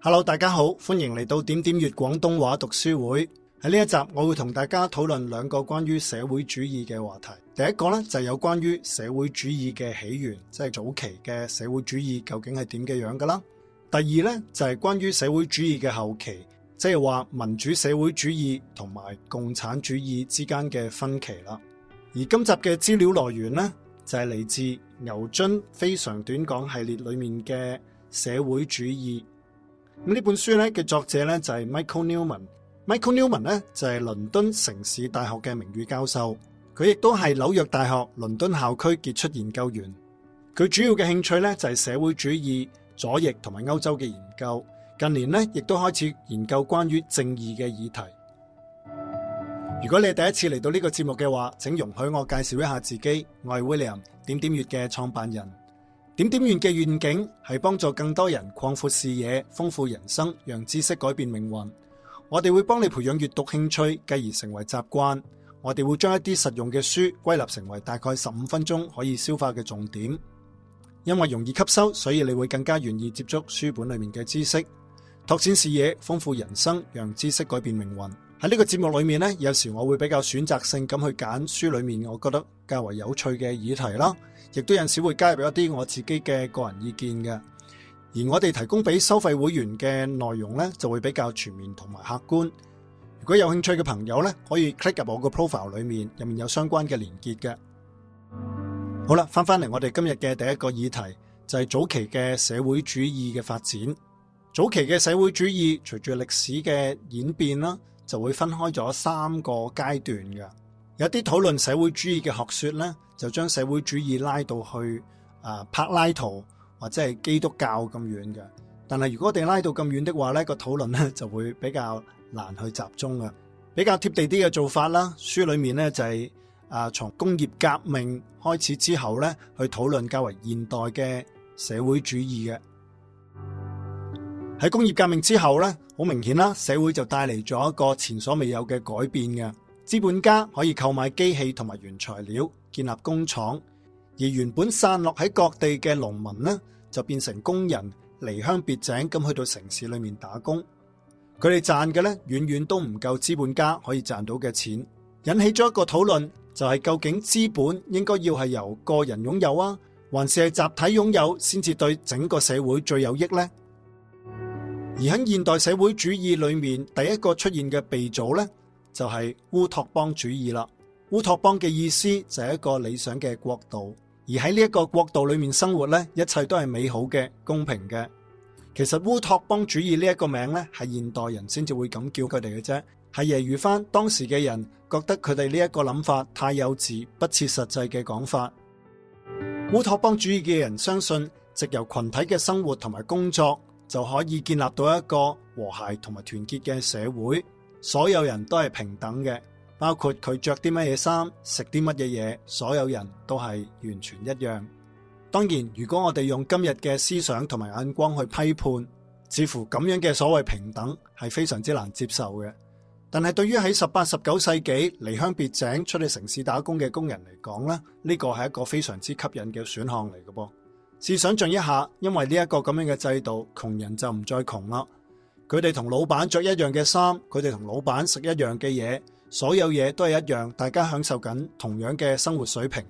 Hello，大家好，歡迎嚟到點點粵廣東話讀書會。喺呢一集，我會同大家討論兩個關於社會主義嘅話題。第一個咧就係、是、有關於社會主義嘅起源，即係早期嘅社會主義究竟係點嘅樣㗎啦。第二咧就係、是、關於社會主義嘅後期，即係話民主社會主義同埋共產主義之間嘅分歧啦。而今集嘅資料來源咧就係、是、嚟自牛津非常短講系列裏面嘅社會主義。咁呢本書咧嘅作者咧就係 Michael Newman，Michael Newman 咧 Newman 就係倫敦城市大學嘅名譽教授，佢亦都係紐約大學倫敦校區傑出研究員，佢主要嘅興趣咧就係社會主義、左翼同埋歐洲嘅研究，近年咧亦都開始研究關於正義嘅議題。如果你第一次嚟到呢個節目嘅話，請容許我介紹一下自己，我係 William 點點閱嘅創辦人。點點閱嘅願景係幫助更多人擴闊視野、豐富人生，讓知識改變命運。我哋會幫你培養閱讀興趣，繼而成為習慣。我哋會將一啲實用嘅書歸納成為大概十五分鐘可以消化嘅重點，因為容易吸收，所以你會更加願意接觸書本裏面嘅知識，拓展視野、豐富人生，讓知識改變命運。喺呢個節目裏面呢，有時我會比較選擇性咁去揀書裏面，我覺得較為有趣嘅議題啦。亦都有時會加入一啲我自己嘅個人意見嘅。而我哋提供俾收費會員嘅內容呢，就會比較全面同埋客觀。如果有興趣嘅朋友呢，可以 click 入我個 profile 裏面，入面有相關嘅連結嘅。好啦，翻翻嚟我哋今日嘅第一個議題就係早期嘅社會主義嘅發展。早期嘅社會主義隨住歷史嘅演變啦。就會分開咗三個階段嘅。有啲討論社會主義嘅學說呢，就將社會主義拉到去啊柏拉圖或者係基督教咁遠嘅。但係如果我哋拉到咁遠的話呢，個討論呢就會比較難去集中嘅，比較貼地啲嘅做法啦。書裏面呢就係啊從工業革命開始之後呢，去討論較為現代嘅社會主義嘅。喺工業革命之後呢好明顯啦，社會就帶嚟咗一個前所未有嘅改變嘅，資本家可以購買機器同埋原材料，建立工廠；而原本散落喺各地嘅農民呢，就變成工人，離鄉別井咁去到城市裏面打工。佢哋賺嘅咧，遠遠都唔夠資本家可以賺到嘅錢，引起咗一個討論，就係究竟資本應該要係由個人擁有啊，還是集體擁有先至對整個社會最有益呢？而喺現代社會主義裏面，第一個出現嘅鼻祖呢，就係烏托邦主義啦。烏托邦嘅意思就係一個理想嘅國度，而喺呢一個國度裏面生活呢，一切都係美好嘅、公平嘅。其實烏托邦主義呢一個名呢，係現代人先至會咁叫佢哋嘅啫，係揶揄翻當時嘅人覺得佢哋呢一個諗法太幼稚、不切實際嘅講法。烏托邦主義嘅人相信，藉由群體嘅生活同埋工作，就可以建立到一個和諧同埋團結嘅社會，所有人都係平等嘅，包括佢着啲乜嘢衫，食啲乜嘢嘢，所有人都係完全一樣。當然，如果我哋用今日嘅思想同埋眼光去批判，似乎咁樣嘅所謂平等係非常之難接受嘅。但係對於喺十八、十九世紀離鄉別井出去城市打工嘅工人嚟講咧，呢個係一個非常之吸引嘅選項嚟嘅噃。試想象一下，因為呢一個咁樣嘅制度，窮人就唔再窮啦。佢哋同老闆着一樣嘅衫，佢哋同老闆食一樣嘅嘢，所有嘢都係一樣，大家享受緊同樣嘅生活水平。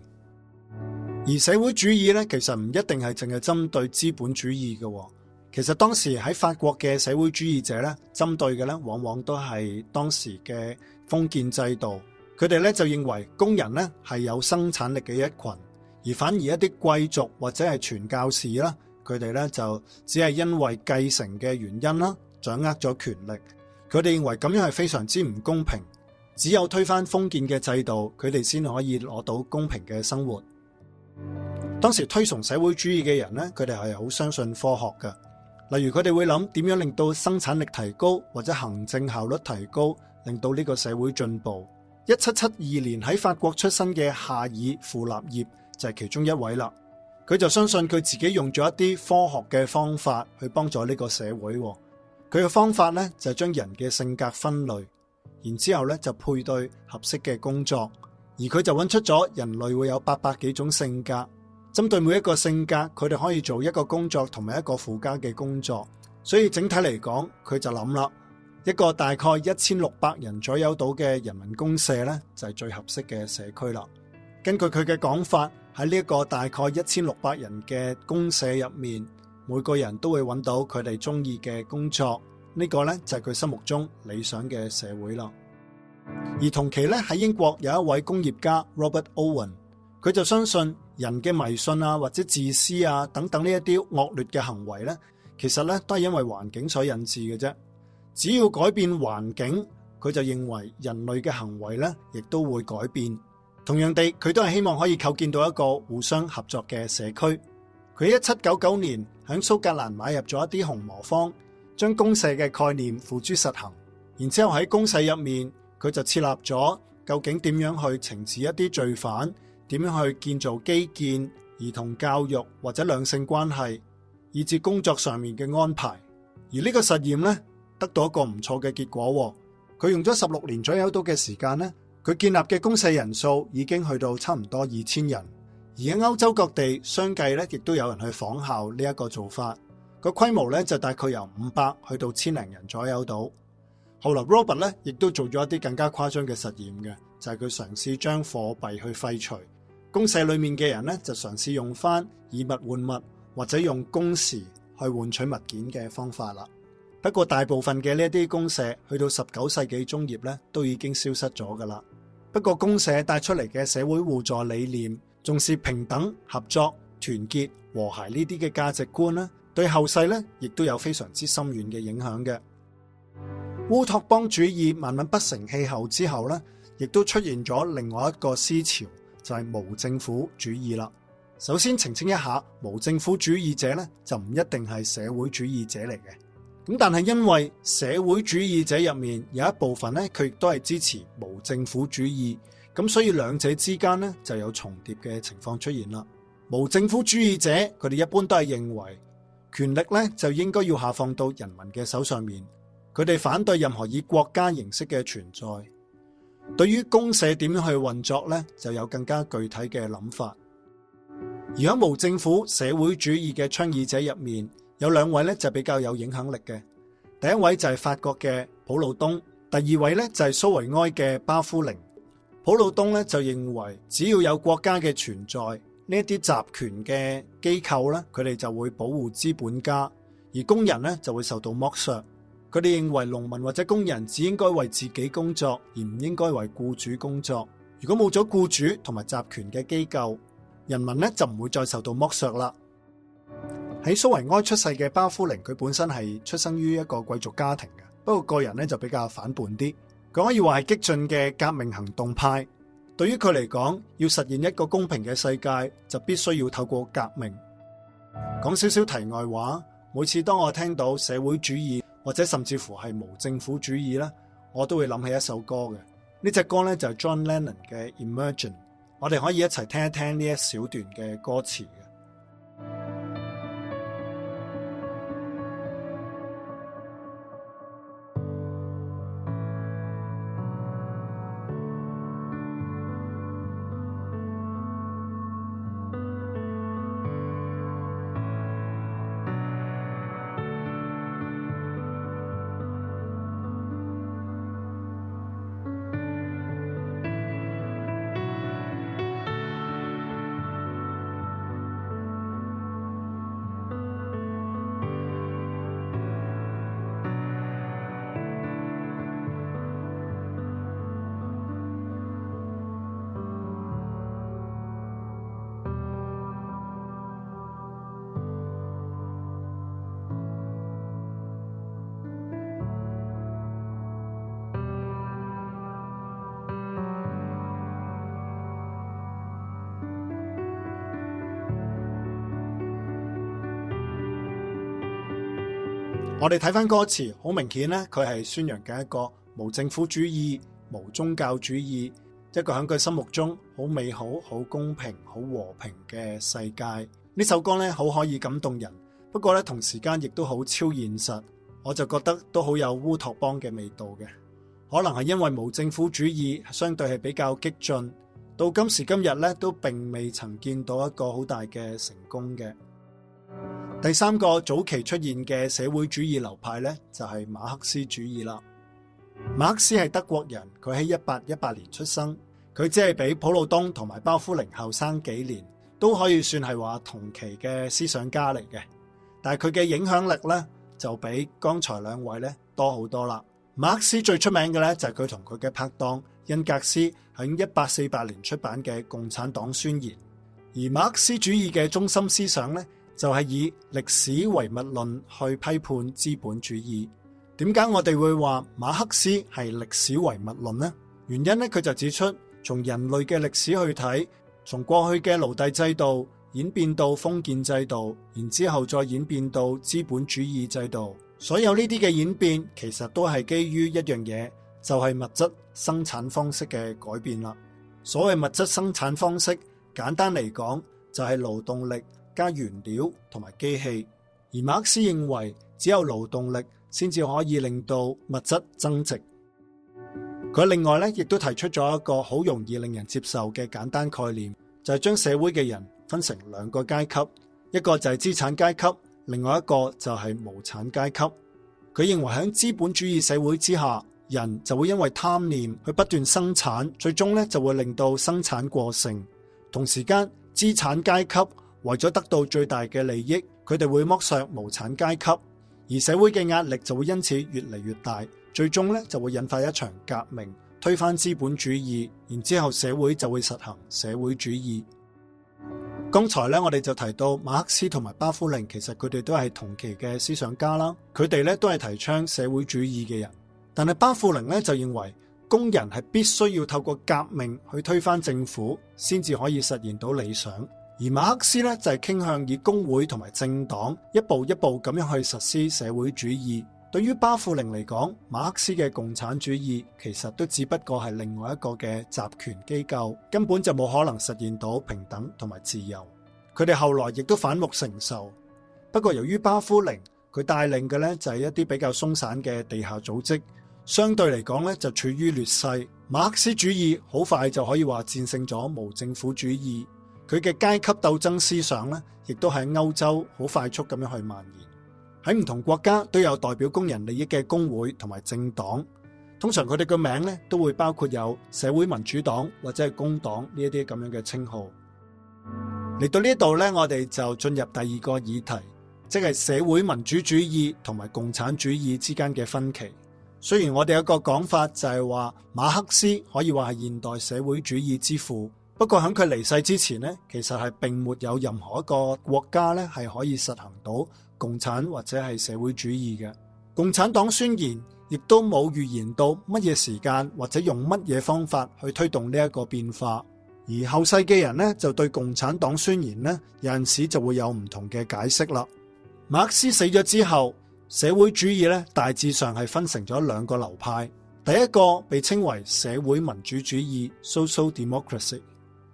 而社會主義呢，其實唔一定係淨係針對資本主義嘅。其實當時喺法國嘅社會主義者呢，針對嘅呢往往都係當時嘅封建制度。佢哋呢就認為工人呢係有生產力嘅一群。而反而一啲貴族或者係傳教士啦，佢哋咧就只係因為繼承嘅原因啦，掌握咗權力。佢哋認為咁樣係非常之唔公平。只有推翻封建嘅制度，佢哋先可以攞到公平嘅生活。當時推崇社會主義嘅人咧，佢哋係好相信科學嘅。例如佢哋會諗點樣令到生產力提高，或者行政效率提高，令到呢個社會進步。一七七二年喺法國出生嘅夏爾傅立葉就係其中一位啦，佢就相信佢自己用咗一啲科學嘅方法去幫助呢個社會。佢嘅方法呢，就係將人嘅性格分類，然之後呢就配對合適嘅工作。而佢就揾出咗人類會有八百幾種性格，針對每一個性格，佢哋可以做一個工作同埋一個附加嘅工作。所以整體嚟講，佢就諗啦，一個大概一千六百人左右到嘅人民公社呢，就係最合適嘅社區啦。根據佢嘅講法。喺呢一個大概一千六百人嘅公社入面，每個人都會揾到佢哋中意嘅工作，呢個咧就係佢心目中理想嘅社會啦。而同期咧喺英國有一位工業家，Robert Owen，佢就相信人嘅迷信啊或者自私啊等等呢一啲惡劣嘅行為咧，其實咧都係因為環境所引致嘅啫。只要改變環境，佢就認為人類嘅行為咧亦都會改變。同樣地，佢都係希望可以構建到一個互相合作嘅社區。佢一七九九年喺蘇格蘭買入咗一啲紅魔方，將公社嘅概念付諸實行。然之後喺公社入面，佢就設立咗究竟點樣去懲治一啲罪犯，點樣去建造基建、兒童教育或者兩性關係，以至工作上面嘅安排。而呢個實驗呢，得到一個唔錯嘅結果。佢用咗十六年左右到嘅時間呢。佢建立嘅公社人數已經去到差唔多二千人，而喺歐洲各地相繼咧，亦都有人去仿效呢一個做法，個規模咧就大概由五百去到千零人左右度。後來 Robert 咧亦都做咗一啲更加誇張嘅實驗嘅，就係佢嘗試將貨幣去廢除，公社裏面嘅人咧就嘗試用翻以物換物或者用工時去換取物件嘅方法啦。不過大部分嘅呢啲公社去到十九世紀中葉咧都已經消失咗噶啦。不過公社帶出嚟嘅社會互助理念，重視平等、合作、團結、和諧呢啲嘅價值觀呢，對後世呢亦都有非常之深遠嘅影響嘅。烏托邦主義慢慢不成氣候之後呢，亦都出現咗另外一個思潮，就係無政府主義啦。首先澄清一下，無政府主義者呢，就唔一定係社會主義者嚟嘅。咁但係因為社會主義者入面有一部分咧，佢亦都係支持無政府主義，咁所以兩者之間咧就有重疊嘅情況出現啦。無政府主義者佢哋一般都係認為權力咧就應該要下放到人民嘅手上面，佢哋反對任何以國家形式嘅存在。對於公社點樣去運作咧，就有更加具體嘅諗法。而喺無政府社會主義嘅倡議者入面，有兩位咧就比較有影響力嘅，第一位就係法國嘅普魯東，第二位咧就係蘇維埃嘅巴夫寧。普魯東咧就認為，只要有國家嘅存在，呢一啲集權嘅機構咧，佢哋就會保護資本家，而工人咧就會受到剝削。佢哋認為農民或者工人只應該為自己工作，而唔應該為僱主工作。如果冇咗僱主同埋集權嘅機構，人民咧就唔會再受到剝削啦。喺蘇維埃出世嘅巴夫寧，佢本身係出生於一個貴族家庭嘅，不過個人咧就比較反叛啲，佢可以話係激進嘅革命行動派。對於佢嚟講，要實現一個公平嘅世界，就必須要透過革命。講少少題外話，每次當我聽到社會主義或者甚至乎係無政府主義咧，我都會諗起一首歌嘅。呢隻歌咧就係 John Lennon 嘅《Emergent》，我哋可以一齊聽一聽呢一小段嘅歌詞。我哋睇翻歌詞，好明顯咧，佢係宣揚緊一個無政府主義、無宗教主義，一個喺佢心目中好美好、好公平、好和平嘅世界。呢首歌咧好可以感動人，不過咧同時間亦都好超現實，我就覺得都好有烏托邦嘅味道嘅。可能係因為無政府主義相對係比較激進，到今時今日咧都並未曾見到一個好大嘅成功嘅。第三個早期出現嘅社會主義流派呢，就係馬克思主義啦。馬克思係德國人，佢喺一八一八年出生，佢只係比普魯東同埋包夫寧後生幾年，都可以算係話同期嘅思想家嚟嘅。但係佢嘅影響力呢，就比剛才兩位呢多好多啦。馬克思最出名嘅呢，就係佢同佢嘅拍檔恩格斯喺一八四八年出版嘅《共產黨宣言》，而馬克思主義嘅中心思想呢。就係以歷史唯物論去批判資本主義。點解我哋會話馬克思係歷史唯物論呢？原因咧，佢就指出從人類嘅歷史去睇，從過去嘅奴隸制度演變到封建制度，然之後再演變到資本主義制度。所有呢啲嘅演變，其實都係基於一樣嘢，就係物質生產方式嘅改變啦。所謂物質生產方式，簡單嚟講就係勞動力，加原料同埋機器，而馬克思認為只有勞動力先至可以令到物質增值。佢另外咧，亦都提出咗一個好容易令人接受嘅簡單概念，就係將社會嘅人分成兩個階級，一個就係資產階級，另外一個就係無產階級。佢認為響資本主義社會之下，人就會因為貪念去不斷生產，最終咧就會令到生產過剩。同時間，資產階級，為咗得到最大嘅利益，佢哋會剝削無產階級，而社會嘅壓力就會因此越嚟越大，最終咧就會引發一場革命，推翻資本主義，然之後社會就會實行社會主義。剛才咧我哋就提到馬克思同埋巴枯寧，其實佢哋都係同期嘅思想家啦，佢哋咧都係提倡社會主義嘅人，但係巴枯寧咧就認為工人係必須要透過革命去推翻政府，先至可以實現到理想。而馬克思咧就係傾向以工會同埋政黨一步一步咁樣去實施社會主義。對於巴枯寧嚟講，馬克思嘅共產主義其實都只不過係另外一個嘅集權機構，根本就冇可能實現到平等同埋自由。佢哋後來亦都反目成仇。不過由於巴枯寧佢帶領嘅呢，就係一啲比較鬆散嘅地下組織，相對嚟講呢，就處於劣勢。馬克思主義好快就可以話戰勝咗無政府主義。佢嘅階級鬥爭思想咧，亦都喺歐洲好快速咁樣去蔓延，喺唔同國家都有代表工人利益嘅工會同埋政黨，通常佢哋嘅名咧都會包括有社會民主黨或者係工黨呢一啲咁樣嘅稱號。嚟到呢度咧，我哋就進入第二個議題，即係社會民主主義同埋共產主義之間嘅分歧。雖然我哋有一個講法就係話馬克思可以話係現代社會主義之父。不過喺佢離世之前咧，其實係並沒有任何一個國家咧係可以實行到共產或者係社會主義嘅。共產黨宣言亦都冇預言到乜嘢時間或者用乜嘢方法去推動呢一個變化。而後世嘅人咧就對共產黨宣言咧有陣時就會有唔同嘅解釋啦。馬克思死咗之後，社會主義咧大致上係分成咗兩個流派，第一個被稱為社會民主主義 （Social Democracy）。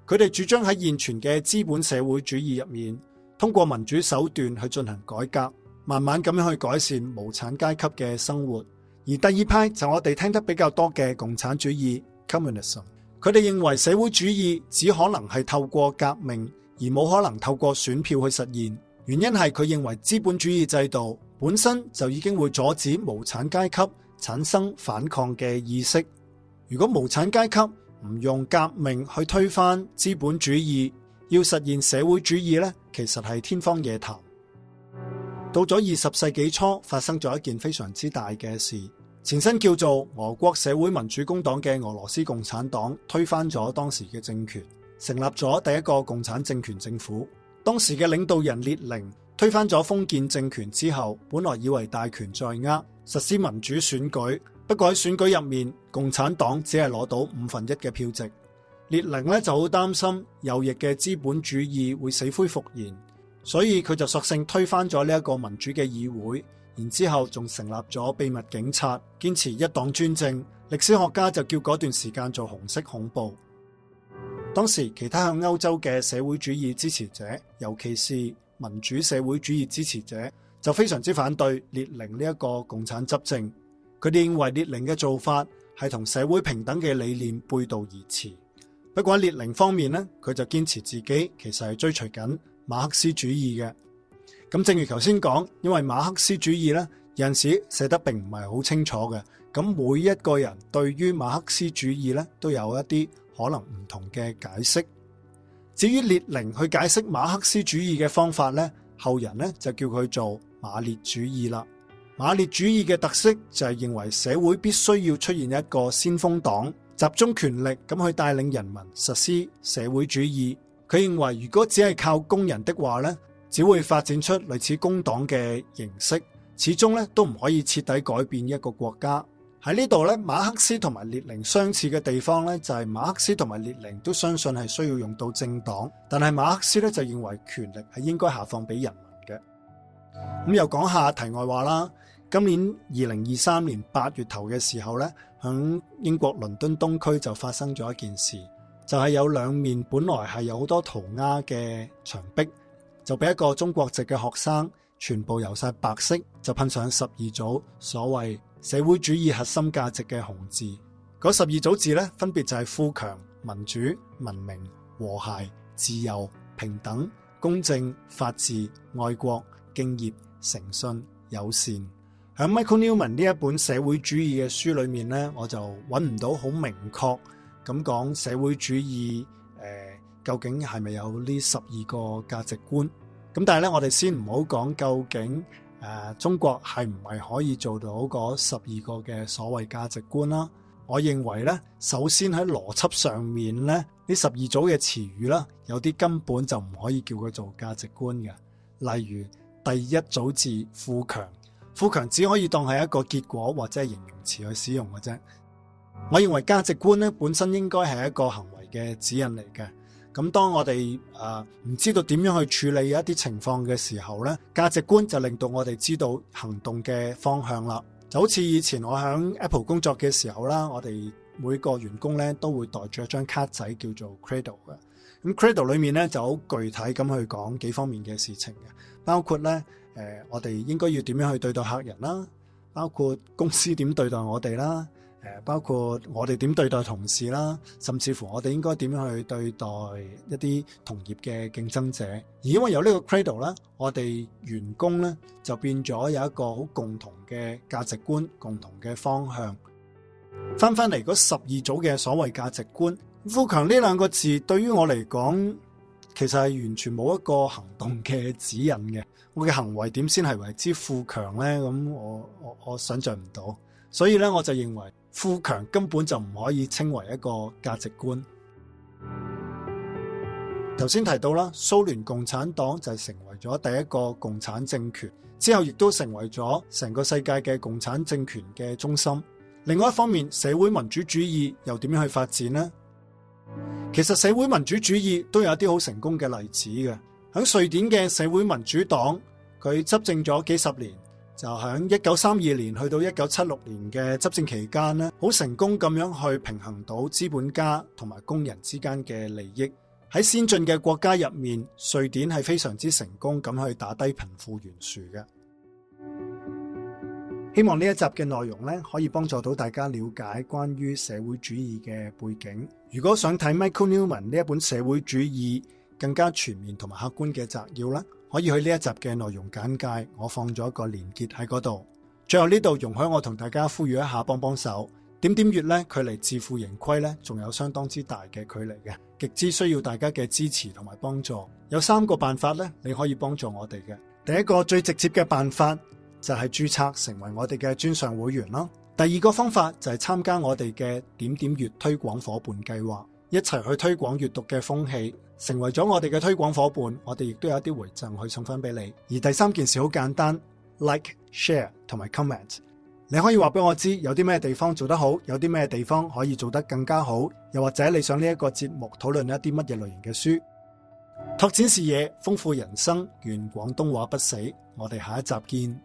佢哋主張喺現存嘅資本社會主義入面，通過民主手段去進行改革，慢慢咁樣去改善無產階級嘅生活。而第二派就我哋聽得比較多嘅共產主義 （communism），佢哋認為社會主義只可能係透過革命，而冇可能透過選票去實現。原因係佢認為資本主義制度本身就已經會阻止無產階級產生反抗嘅意識。如果無產階級唔用革命去推翻資本主義，要實現社會主義咧，其實係天方夜譚。到咗二十世紀初，發生咗一件非常之大嘅事，前身叫做俄國社會民主工黨嘅俄羅斯共產黨推翻咗當時嘅政權，成立咗第一個共產政權政府。當時嘅領導人列寧推翻咗封建政權之後，本來以為大權在握，實施民主選舉。不過喺選舉入面，共產黨只係攞到五分一嘅票席。列寧呢就好擔心右翼嘅資本主義會死灰復燃，所以佢就索性推翻咗呢一個民主嘅議會，然之後仲成立咗秘密警察，堅持一黨專政。歷史學家就叫嗰段時間做紅色恐怖。當時其他喺歐洲嘅社會主義支持者，尤其是民主社會主義支持者，就非常之反對列寧呢一個共產執政。佢哋認為列寧嘅做法係同社會平等嘅理念背道而馳。不過喺列寧方面咧，佢就堅持自己其實係追隨緊馬克思主義嘅。咁正如頭先講，因為馬克思主義咧，有陣時寫得並唔係好清楚嘅。咁每一個人對於馬克思主義咧，都有一啲可能唔同嘅解釋。至於列寧去解釋馬克思主義嘅方法咧，後人咧就叫佢做馬列主義啦。馬列主義嘅特色就係認為社會必須要出現一個先鋒黨，集中權力咁去帶領人民實施社會主義。佢認為如果只係靠工人的話咧，只會發展出類似工黨嘅形式，始終咧都唔可以徹底改變一個國家。喺呢度咧，馬克思同埋列寧相似嘅地方咧，就係馬克思同埋列寧都相信係需要用到政黨，但係馬克思咧就認為權力係應該下放俾人民嘅。咁又講下題外話啦。今年二零二三年八月頭嘅時候咧，喺英國倫敦東區就發生咗一件事，就係有兩面本來係有好多塗鴉嘅牆壁，就俾一個中國籍嘅學生全部由晒白色，就噴上十二組所謂社會主義核心價值嘅紅字。嗰十二組字咧，分別就係富強、民主、文明、和諧、自由、平等、公正、法治、愛國、敬業、誠信、友善。喺 Michael Newman 呢一本社會主義嘅書裏面咧，我就揾唔到好明確咁講社會主義、呃、究竟係咪有呢十二個價值觀？咁但係咧，我哋先唔好講究竟、呃、中國係唔係可以做到嗰十二個嘅所謂價值觀啦。我認為咧，首先喺邏輯上面咧，呢十二組嘅詞語啦，有啲根本就唔可以叫佢做價值觀嘅，例如第一組字富強。富強只可以當係一個結果或者係形容詞去使用嘅啫。我認為價值觀咧本身應該係一個行為嘅指引嚟嘅。咁當我哋誒唔知道點樣去處理一啲情況嘅時候咧，價值觀就令到我哋知道行動嘅方向啦。就好似以前我喺 Apple 工作嘅時候啦，我哋每個員工咧都會帶住一張卡仔叫做 Credo 嘅。咁 Credo 裏面咧就好具體咁去講幾方面嘅事情嘅，包括咧。誒、呃，我哋應該要點樣去對待客人啦？包括公司點對待我哋啦？誒、呃，包括我哋點對待同事啦？甚至乎我哋應該點樣去對待一啲同業嘅競爭者？而因為有呢個 credo 啦，我哋員工咧就變咗有一個好共同嘅價值觀、共同嘅方向。翻翻嚟嗰十二組嘅所謂價值觀，富強呢兩個字對於我嚟講。其實係完全冇一個行動嘅指引嘅，我嘅行為點先係為之富強呢？咁我我我想象唔到，所以咧我就認為富強根本就唔可以稱為一個價值觀。頭先提到啦，蘇聯共產黨就成為咗第一個共產政權，之後亦都成為咗成個世界嘅共產政權嘅中心。另外一方面，社會民主主義又點樣去發展呢？其實社會民主主義都有啲好成功嘅例子嘅，喺瑞典嘅社會民主黨，佢執政咗幾十年，就喺一九三二年去到一九七六年嘅執政期間咧，好成功咁樣去平衡到資本家同埋工人之間嘅利益。喺先進嘅國家入面，瑞典係非常之成功咁去打低貧富懸殊嘅。希望呢一集嘅內容可以幫助到大家了解關於社會主義嘅背景。如果想睇 Michael Newman 呢一本社會主義更加全面同埋客觀嘅摘要，可以去呢一集嘅內容簡介，我放咗一個連結喺嗰度。最後呢度容許我同大家呼籲一下，幫幫手，點點閱，距離自負盈虧咧，仲有相當之大嘅距離嘅，極之需要大家嘅支持同埋幫助。有三個辦法呢，你可以幫助我哋嘅。第一個最直接嘅辦法。就係註冊成為我哋嘅尊尚會員啦。第二個方法就係參加我哋嘅點點閱推廣伙伴計劃，一齊去推廣閱讀嘅風氣，成為咗我哋嘅推廣伙伴，我哋亦都有啲回贈去送翻俾你。而第三件事好簡單，Like Share 同埋 Comment，你可以話俾我知有啲咩地方做得好，有啲咩地方可以做得更加好，又或者你想呢一個節目討論一啲乜嘢類型嘅書，拓展視野，豐富人生。願廣東話不死。我哋下一集見。